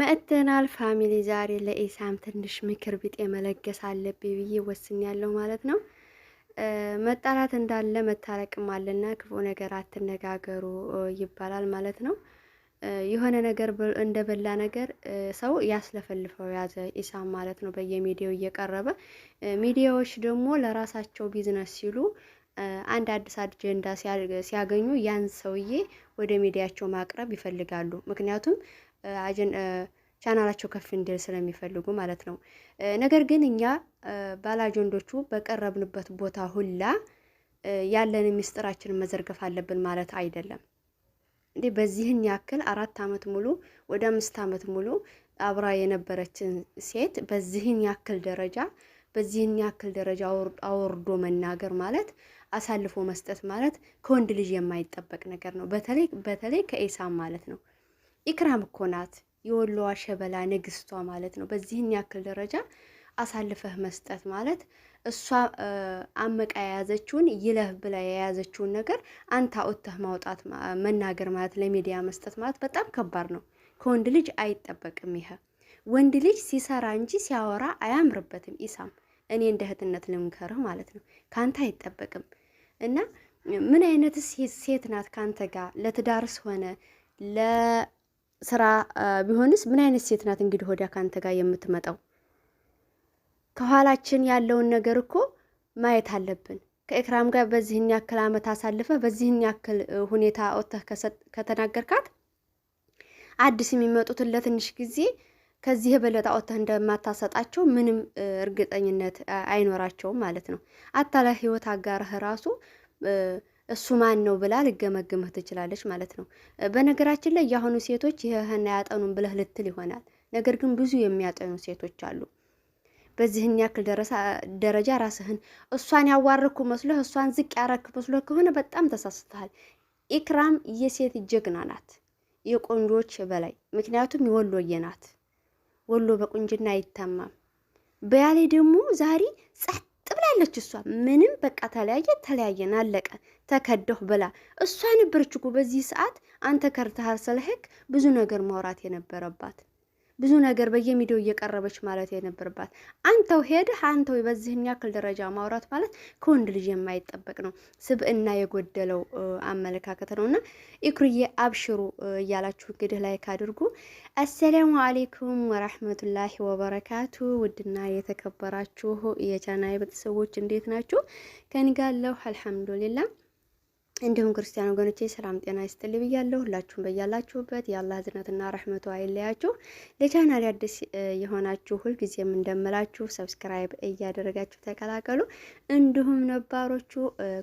መእተናል ፋሚሊ ዛሬ ለኢሳም ትንሽ ምክር ቢጤ መለገስ አለብኝ ብዬ ወስኛለሁ ማለት ነው። መጣላት እንዳለ መታረቅም አለና ክፉ ነገር አትነጋገሩ ይባላል ማለት ነው። የሆነ ነገር እንደበላ ነገር ሰው ያስለፈልፈው ያዘ ኢሳም ማለት ነው። በየሚዲያው እየቀረበ ሚዲያዎች ደግሞ ለራሳቸው ቢዝነስ ሲሉ አንድ አዲስ አጀንዳ ሲያገኙ ያን ሰውዬ ወደ ሚዲያቸው ማቅረብ ይፈልጋሉ። ምክንያቱም ቻናላቸው ከፍ እንዲል ስለሚፈልጉ ማለት ነው። ነገር ግን እኛ ባላጀንዶቹ በቀረብንበት ቦታ ሁላ ያለን ምስጢራችንን መዘርገፍ አለብን ማለት አይደለም። እንዲህ በዚህን ያክል አራት አመት ሙሉ ወደ አምስት ዓመት ሙሉ አብራ የነበረችን ሴት በዚህን ያክል ደረጃ በዚህን ያክል ደረጃ አወርዶ መናገር ማለት አሳልፎ መስጠት ማለት ከወንድ ልጅ የማይጠበቅ ነገር ነው። በተለይ በተለይ ማለት ነው። ኢክራም እኮ ናት የወሎዋ ሸበላ ንግስቷ ማለት ነው። በዚህን ያክል ደረጃ አሳልፈህ መስጠት ማለት እሷ አመቃ የያዘችውን ይለህ ብላ የያዘችውን ነገር አንተ አውጥተህ ማውጣት መናገር ማለት ለሚዲያ መስጠት ማለት በጣም ከባድ ነው። ከወንድ ልጅ አይጠበቅም ይሄ። ወንድ ልጅ ሲሰራ እንጂ ሲያወራ አያምርበትም። ኢሳም እኔ እንደ እህትነት ልምከርህ ማለት ነው። ከአንተ አይጠበቅም እና ምን አይነት ሴት ናት ከአንተ ጋር ለትዳርስ ሆነ ስራ ቢሆንስ ምን አይነት ሴት ናት እንግዲህ ወዲያ ካንተ ጋር የምትመጣው? ከኋላችን ያለውን ነገር እኮ ማየት አለብን። ከኤክራም ጋር በዚህን ያክል አመት አሳልፈህ በዚህን ያክል ሁኔታ ወጥተህ ከተናገርካት አዲስ የሚመጡትን ለትንሽ ጊዜ ከዚህ የበለጠ አውጥተህ እንደማታሰጣቸው ምንም እርግጠኝነት አይኖራቸውም ማለት ነው። አታላ ህይወት አጋርህ ራሱ እሱ ማን ነው ብላ ልገመግምህ ትችላለች ማለት ነው። በነገራችን ላይ የአሁኑ ሴቶች ይህህን አያጠኑም ብለህ ልትል ይሆናል። ነገር ግን ብዙ የሚያጠኑ ሴቶች አሉ። በዚህን ያክል ደረጃ ራስህን እሷን ያዋርኩ መስሎህ እሷን ዝቅ ያረክ መስሎህ ከሆነ በጣም ተሳስተሃል። ኢክራም የሴት ጀግና ናት፣ የቆንጆች በላይ ምክንያቱም የወሎዬ ናት። ወሎ በቁንጅና አይታማም። በያሌ ደግሞ ዛሬ ጸጥ ብላለች። እሷ ምንም በቃ ተለያየ ተለያየን አለቀ። ተከደሁ ብላ እሷ ነበረች እኮ በዚህ ሰዓት አንተ ከርተሃል ስለህክ ብዙ ነገር ማውራት የነበረባት ብዙ ነገር በየሚዲያው እየቀረበች ማለት የነበረባት አንተው ሄደህ አንተው በዚህን ያክል ደረጃ ማውራት ማለት ከወንድ ልጅ የማይጠበቅ ነው። ስብዕና የጎደለው አመለካከት ነው። እና ኢኩርዬ አብሽሩ እያላችሁ እንግዲህ ላይክ አድርጉ። አሰላሙ አሌይኩም ወራህመቱላሂ ወበረካቱ። ውድና የተከበራችሁ የቻናይ ቤተሰቦች እንዴት ናችሁ? ከኒጋለሁ አልሐምዱሊላ እንዲሁም ክርስቲያን ወገኖቼ ሰላም ጤና ይስጥልኝ ብያለሁ። ሁላችሁም በያላችሁበት የአላህ እዝነትና ረህመቱ አይለያችሁ። ለቻናል አዲስ የሆናችሁ ሁልጊዜም እንደምላችሁ ሰብስክራይብ እያደረጋችሁ ተቀላቀሉ። እንዲሁም ነባሮቹ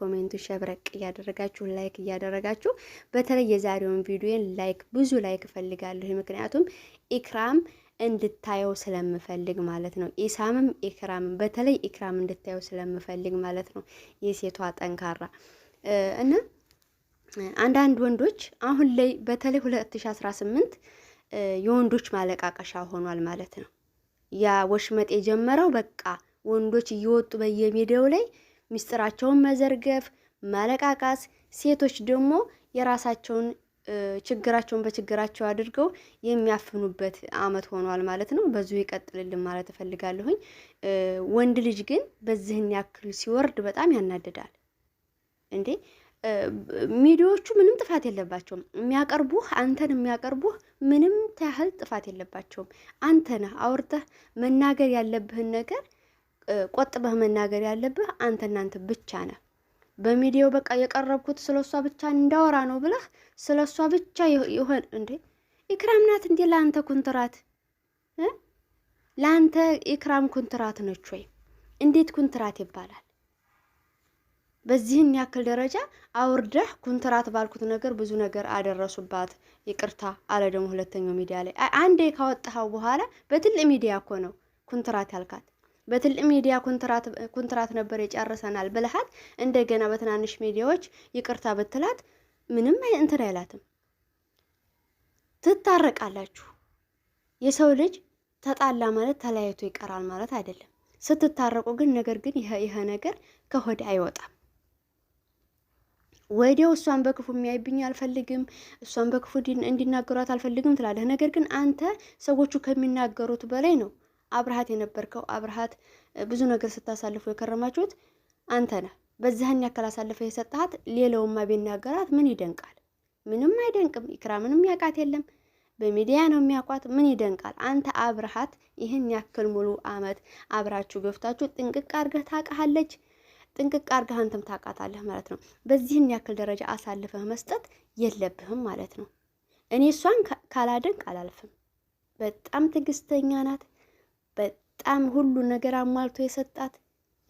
ኮሜንቱ ሸብረቅ እያደረጋችሁ ላይክ እያደረጋችሁ በተለይ የዛሬውን ቪዲዮን ላይክ ብዙ ላይክ እፈልጋለሁ። ምክንያቱም ኢክራም እንድታየው ስለምፈልግ ማለት ነው። ኢሳምም ኢክራምም በተለይ ኢክራም እንድታየው ስለምፈልግ ማለት ነው። የሴቷ ጠንካራ እና አንዳንድ ወንዶች አሁን ላይ በተለይ 2018 የወንዶች ማለቃቀሻ ሆኗል ማለት ነው። ያ ወሽመጥ የጀመረው በቃ ወንዶች እየወጡ በየሚዲያው ላይ ሚስጥራቸውን መዘርገፍ፣ ማለቃቀስ፣ ሴቶች ደግሞ የራሳቸውን ችግራቸውን በችግራቸው አድርገው የሚያፍኑበት አመት ሆኗል ማለት ነው። በዙ ይቀጥልልን ማለት እፈልጋለሁኝ። ወንድ ልጅ ግን በዚህን ያክል ሲወርድ በጣም ያናድዳል። እንዴ ሚዲያዎቹ ምንም ጥፋት የለባቸውም። የሚያቀርቡህ አንተን የሚያቀርቡህ ምንም ያህል ጥፋት የለባቸውም። አንተ ነህ አውርተህ መናገር ያለብህን ነገር ቆጥበህ መናገር ያለብህ አንተ እናንተ ብቻ ነህ። በሚዲያው በቃ የቀረብኩት ስለ እሷ ብቻ እንዳወራ ነው ብለህ ስለ እሷ ብቻ ይሆን እንዴ? ኢክራም ናት እንዴ ለአንተ ኩንትራት? ለአንተ ኢክራም ኩንትራት ነች ወይ? እንዴት ኩንትራት ይባላል? በዚህን ያክል ደረጃ አውርደህ ኩንትራት ባልኩት ነገር ብዙ ነገር አደረሱባት። ይቅርታ አለ ደግሞ ሁለተኛው ሚዲያ ላይ አንዴ ካወጣኸው በኋላ በትልቅ ሚዲያ እኮ ነው ኩንትራት ያልካት። በትልቅ ሚዲያ ኩንትራት ነበር የጨርሰናል ብልሃት እንደገና በትናንሽ ሚዲያዎች ይቅርታ ብትላት ምንም እንትን አይላትም። ትታረቃላችሁ። የሰው ልጅ ተጣላ ማለት ተለያይቶ ይቀራል ማለት አይደለም። ስትታረቁ ግን ነገር ግን ይሄ ነገር ከሆድ አይወጣም። ወዲያው እሷን በክፉ የሚያይብኝ አልፈልግም፣ እሷን በክፉ እንዲናገሯት አልፈልግም ትላለህ። ነገር ግን አንተ ሰዎቹ ከሚናገሩት በላይ ነው አብርሃት የነበርከው። አብርሃት ብዙ ነገር ስታሳልፉ የከረማችሁት አንተ ነህ። በዚህን ያክል አሳልፈ የሰጣት ሌላውማ ቢናገራት ምን ይደንቃል? ምንም አይደንቅም። ምንም ያውቃት የለም በሚዲያ ነው የሚያውቋት። ምን ይደንቃል? አንተ አብርሃት ይህን ያክል ሙሉ አመት አብራችሁ ገፍታችሁ ጥንቅቅ አድርገህ ታውቃሃለች። ጥንቅቅ አድርገህ አንተም ታውቃታለህ ማለት ነው። በዚህን ያክል ደረጃ አሳልፈህ መስጠት የለብህም ማለት ነው። እኔ እሷን ካላደንቅ አላልፍም። በጣም ትዕግስተኛ ናት። በጣም ሁሉ ነገር አሟልቶ የሰጣት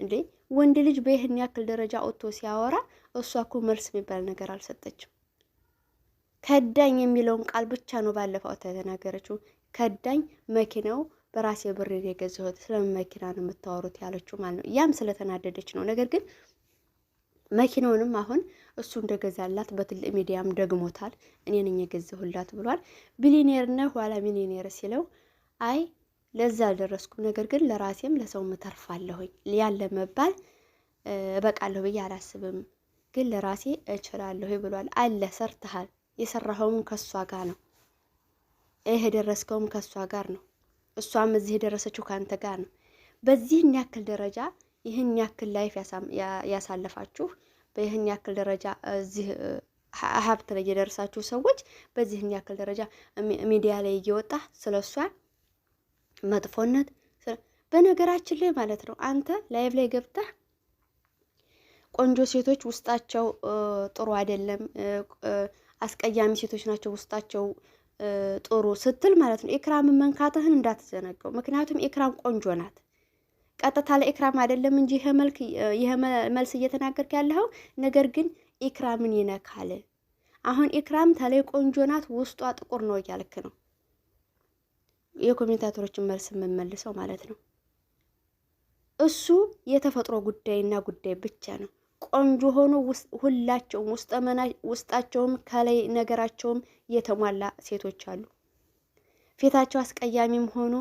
እንዴ ወንድ ልጅ በይህን ያክል ደረጃ ወጥቶ ሲያወራ እሷ እኮ መልስ የሚባል ነገር አልሰጠችም። ከዳኝ የሚለውን ቃል ብቻ ነው ባለፈው ተተናገረችው። ከዳኝ መኪናው በራሴ ብር የገዛሁት ስለምን መኪና ነው የምታወሩት ያለችው ማለት ነው። ያም ስለተናደደች ነው። ነገር ግን መኪናውንም አሁን እሱ እንደገዛላት በትልቅ ሚዲያም ደግሞታል። እኔ ነኝ የገዛሁላት ብሏል። ቢሊኔር ነ ኋላ ሚሊኔር ሲለው አይ ለዛ አልደረስኩም፣ ነገር ግን ለራሴም ለሰው ምተርፋለሁኝ ያለ መባል እበቃለሁ ብዬ አላስብም፣ ግን ለራሴ እችላለሁ ብሏል። አለ ሰርተሃል። የሰራኸውም ከእሷ ጋር ነው። ይህ የደረስከውም ከእሷ ጋር ነው። እሷም እዚህ የደረሰችው ከአንተ ጋር ነው። በዚህን ያክል ደረጃ ይህን ያክል ላይፍ ያሳለፋችሁ፣ በይህን ያክል ደረጃ እዚህ ሀብት ላይ የደረሳችሁ ሰዎች በዚህን ያክል ደረጃ ሚዲያ ላይ እየወጣ ስለ እሷ መጥፎነት በነገራችን ላይ ማለት ነው አንተ ላይቭ ላይ ገብተህ ቆንጆ ሴቶች ውስጣቸው ጥሩ አይደለም፣ አስቀያሚ ሴቶች ናቸው ውስጣቸው ጥሩ ስትል ማለት ነው። ኤክራምን መንካትህን እንዳትዘነገው። ምክንያቱም ኢክራም ቆንጆ ናት። ቀጥታ ለኢክራም አይደለም እንጂ ይህ መልክ መልስ እየተናገርክ ያለኸው ነገር ግን ኢክራምን ይነካል። አሁን ኢክራም ተለይ ቆንጆ ናት፣ ውስጧ ጥቁር ነው እያልክ ነው። የኮሜንታተሮችን መልስ የምመልሰው ማለት ነው። እሱ የተፈጥሮ ጉዳይና ጉዳይ ብቻ ነው። ቆንጆ ሆኖ ሁላቸውም ውስጣቸውም ከላይ ነገራቸውም የተሟላ ሴቶች አሉ። ፊታቸው አስቀያሚም ሆኖ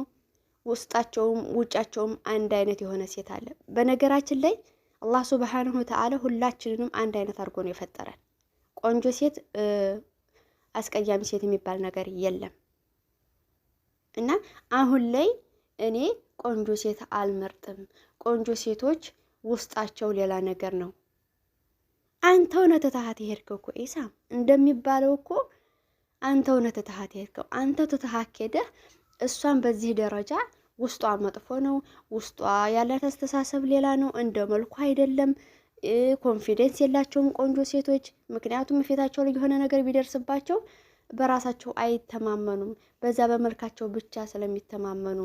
ውስጣቸውም ውጫቸውም አንድ አይነት የሆነ ሴት አለ። በነገራችን ላይ አላህ ሱብሓነሁ ወተዓላ ሁላችንንም አንድ አይነት አድርጎ ነው የፈጠረን። ቆንጆ ሴት፣ አስቀያሚ ሴት የሚባል ነገር የለም እና አሁን ላይ እኔ ቆንጆ ሴት አልመርጥም። ቆንጆ ሴቶች ውስጣቸው ሌላ ነገር ነው። አንተ እውነት ትተሃት የሄድከው እኮ ኢሳ እንደሚባለው እኮ አንተ እውነት ትተሃት የሄድከው አንተ ትተሃት ሄደህ እሷን በዚህ ደረጃ ውስጧ መጥፎ ነው፣ ውስጧ ያላት አስተሳሰብ ሌላ ነው፣ እንደ መልኩ አይደለም፣ ኮንፊደንስ የላቸውም ቆንጆ ሴቶች። ምክንያቱም ፊታቸው ላይ የሆነ ነገር ቢደርስባቸው በራሳቸው አይተማመኑም፣ በዛ በመልካቸው ብቻ ስለሚተማመኑ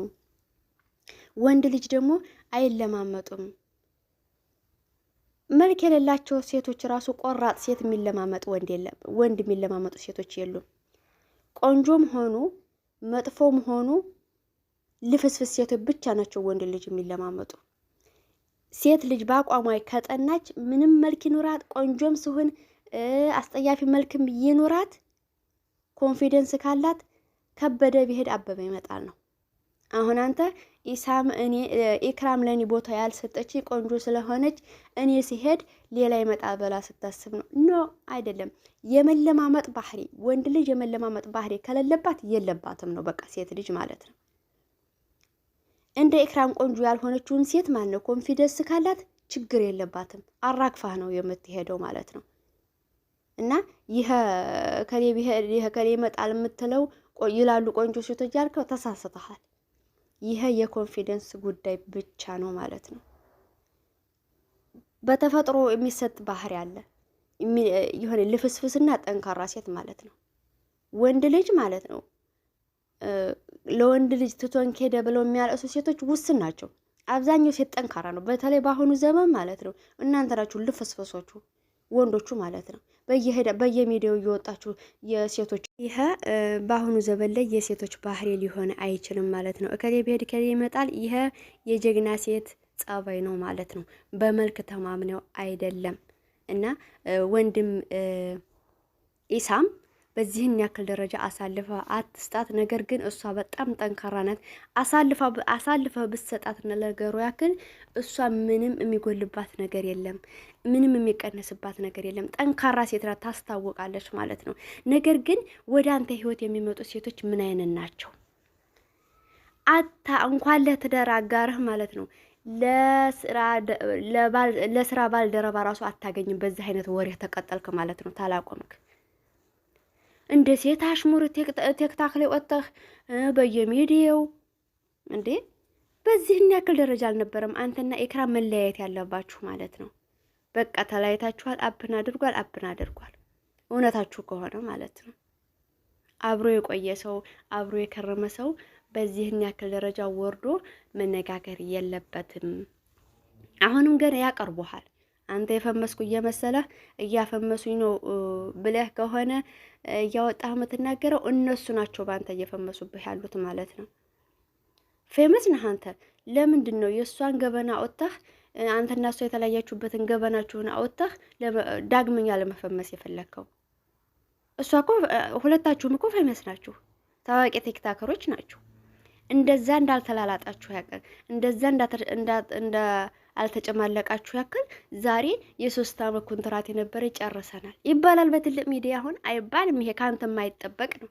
ወንድ ልጅ ደግሞ አይለማመጡም። መልክ የሌላቸው ሴቶች ራሱ ቆራጥ ሴት የሚለማመጥ ወንድ የለም። ወንድ የሚለማመጡ ሴቶች የሉም። ቆንጆም ሆኑ መጥፎም ሆኑ ልፍስፍስ ሴቶች ብቻ ናቸው ወንድ ልጅ የሚለማመጡ። ሴት ልጅ በአቋሟ ከጠናች ምንም መልክ ይኑራት፣ ቆንጆም ስሆን አስጠያፊ መልክም ይኑራት፣ ኮንፊደንስ ካላት ከበደ ቢሄድ አበበ ይመጣል ነው። አሁን አንተ ኢሳም እኔ ኢክራም ለኔ ቦታ ያልሰጠች ቆንጆ ስለሆነች እኔ ሲሄድ ሌላ ይመጣ በላ ስታስብ ነው። ኖ አይደለም። የመለማመጥ ባህሪ ወንድ ልጅ የመለማመጥ ባህሪ ከሌለባት የለባትም ነው በቃ ሴት ልጅ ማለት ነው። እንደ ኢክራም ቆንጆ ያልሆነችውን ሴት ማለት ነው ኮንፊደንስ ካላት ችግር የለባትም። አራግፋ ነው የምትሄደው ማለት ነው። እና ይሄ ከሌ ይሄ ከሌ ይመጣል የምትለው ይላሉ ቆንጆ ሴቶች ያልከው ተሳስተሃል። ይሄ የኮንፊደንስ ጉዳይ ብቻ ነው ማለት ነው። በተፈጥሮ የሚሰጥ ባህሪ አለ። የሆነ ልፍስፍስና ጠንካራ ሴት ማለት ነው። ወንድ ልጅ ማለት ነው ለወንድ ልጅ ትቶን ከሄደ ብለው የሚያለቅሱ ሴቶች ውስን ናቸው። አብዛኛው ሴት ጠንካራ ነው። በተለይ በአሁኑ ዘመን ማለት ነው። እናንተ ናችሁ ልፍስፍሶቹ ወንዶቹ ማለት ነው። በየሄዳ በየሚዲያው እየወጣችሁ የሴቶች ይህ በአሁኑ ዘመን ላይ የሴቶች ባህሪ ሊሆን አይችልም ማለት ነው። እከሌ ብሄድ እከሌ ይመጣል። ይህ የጀግና ሴት ጸባይ ነው ማለት ነው። በመልክ ተማምነው አይደለም እና ወንድም ኢሳም በዚህን ያክል ደረጃ አሳልፈ አትስጣት። ነገር ግን እሷ በጣም ጠንካራ ናት። አሳልፈ ብትሰጣት ነገሩ ያክል እሷ ምንም የሚጎልባት ነገር የለም፣ ምንም የሚቀነስባት ነገር የለም። ጠንካራ ሴት ናት፣ ታስታውቃለች ማለት ነው። ነገር ግን ወደ አንተ ህይወት የሚመጡ ሴቶች ምን አይነት ናቸው? አታ እንኳን ለትዳር አጋርህ ማለት ነው ለስራ ባልደረባ ራሱ አታገኝም። በዚህ አይነት ወሬ ተቀጠልክ ማለት ነው ታላቆምክ እንደ ሴት አሽሙር ቴክታክ ላይ ወጥተህ በየሚዲያው እንዴ! በዚህን ያክል ደረጃ አልነበረም አንተና ኤክራም መለያየት ያለባችሁ ማለት ነው። በቃ ተለያይታችኋል። አብን አድርጓል፣ አብን አድርጓል። እውነታችሁ ከሆነ ማለት ነው። አብሮ የቆየ ሰው አብሮ የከረመ ሰው በዚህን ያክል ደረጃ ወርዶ መነጋገር የለበትም። አሁንም ገና ያቀርቡሃል አንተ የፈመስኩ እየመሰለ እያፈመሱኝ ነው ብለህ ከሆነ እያወጣ የምትናገረው እነሱ ናቸው በአንተ እየፈመሱብህ ያሉት ማለት ነው። ፌመስ ነህ አንተ። ለምንድን ነው የእሷን ገበና አወጣህ? አንተና እሷ የተለያያችሁበትን ገበናችሁን አወጣህ ዳግመኛ ለመፈመስ የፈለግከው? እሷ እኮ ሁለታችሁም እኮ ፌመስ ናችሁ፣ ታዋቂ ቲክታከሮች ናችሁ። እንደዛ እንዳልተላላጣችሁ ያቀ እንደዛ እንዳ አልተጨማለቃችሁ ያክል ዛሬ የሶስት አመት ኮንትራት የነበረ ጨርሰናል ይባላል በትልቅ ሚዲያ። አሁን አይባልም። ይሄ ከአንተ የማይጠበቅ ነው፣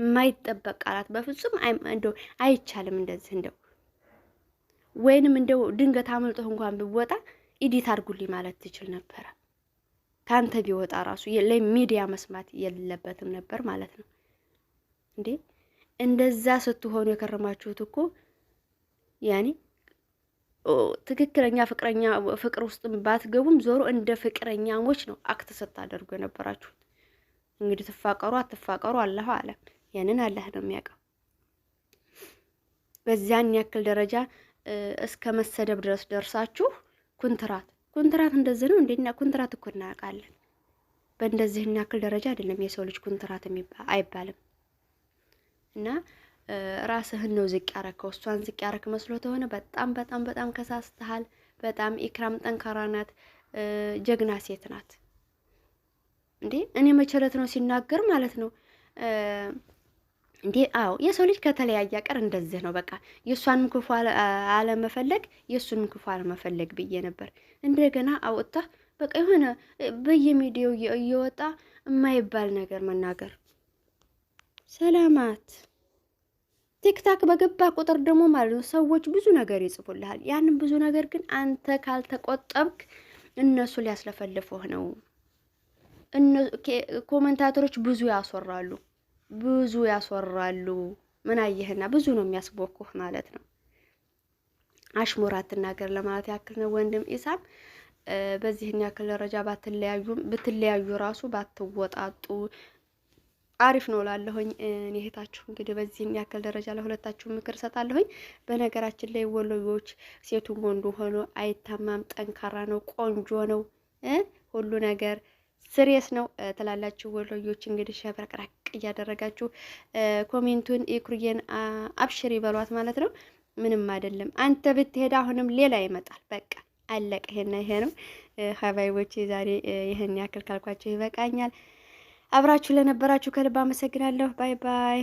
የማይጠበቅ ቃላት በፍጹም እንደው አይቻልም። እንደዚህ እንደው ወይንም እንደው ድንገት አመልጦህ እንኳን ቢወጣ ኢዲት አድርጉልኝ ማለት ትችል ነበረ። ከአንተ ቢወጣ ራሱ ለሚዲያ መስማት የለበትም ነበር ማለት ነው እንዴ! እንደዛ ስትሆኑ የከረማችሁት እኮ ያኔ ትክክለኛ ፍቅረኛ ፍቅር ውስጥ ባትገቡም ዞሮ እንደ ፍቅረኛሞች ነው አክት ስታደርጉ የነበራችሁት። እንግዲህ ትፋቀሩ አትፋቀሩ አላህ አለም፣ ያንን አላህ ነው የሚያውቀው። በዚያን ያክል ደረጃ እስከ መሰደብ ድረስ ደርሳችሁ ኩንትራት ኩንትራት እንደዚህ ነው እንደኛ ኩንትራት እኮ እናውቃለን። በእንደዚህና ያክል ደረጃ አይደለም የሰው ልጅ ኩንትራት አይባልም እና ራስህን ነው ዝቅ ያረከው። እሷን ዝቅ ያረክ መስሎ ተሆነ በጣም በጣም በጣም ከሳስተሃል። በጣም ኢክራም ጠንካራ ናት፣ ጀግና ሴት ናት። እንዴ እኔ መቸለት ነው ሲናገር ማለት ነው እንዴ አዎ የሰው ልጅ ከተለያየ ቀር እንደዚህ ነው። በቃ የእሷንም ክፉ አለመፈለግ የእሱንም ክፉ አለመፈለግ ብዬ ነበር። እንደገና አውጥታ በቃ የሆነ በየሚዲያው እየወጣ የማይባል ነገር መናገር ሰላማት ቲክታክ በገባ ቁጥር ደግሞ ማለት ነው ሰዎች ብዙ ነገር ይጽፉልሃል። ያንን ብዙ ነገር ግን አንተ ካልተቆጠብክ እነሱ ሊያስለፈልፉህ ነው። ኮመንታተሮች ብዙ ያስወራሉ፣ ብዙ ያስወራሉ። ምን አየህና ብዙ ነው የሚያስቦኩህ ማለት ነው። አሽሙር አትናገር ለማለት ያክል ነው። ወንድም ኢሳም በዚህን ያክል ደረጃ ባትለያዩም ብትለያዩ ራሱ ባትወጣጡ አሪፍ ነው ላለሁኝ እኔ እህታችሁ እንግዲህ በዚህን ያክል ደረጃ ለሁለታችሁ ምክር ሰጣለሁኝ። በነገራችን ላይ ወሎዮች ሴቱም ወንዱ ሆኖ አይታማም፣ ጠንካራ ነው፣ ቆንጆ ነው፣ ሁሉ ነገር ስሬስ ነው ትላላችሁ ወሎዮች። እንግዲህ ሸብረቅረቅ እያደረጋችሁ ኮሜንቱን ኢኩርዬን አብሽር ይበሏት ማለት ነው። ምንም አይደለም። አንተ ብትሄድ አሁንም ሌላ ይመጣል። በቃ አለቀ። ይሄና ይሄ ነው ሀባይቦች። ዛሬ ይህን ያክል ካልኳቸው ይበቃኛል። አብራችሁ ለነበራችሁ ከልብ አመሰግናለሁ። ባይ ባይ።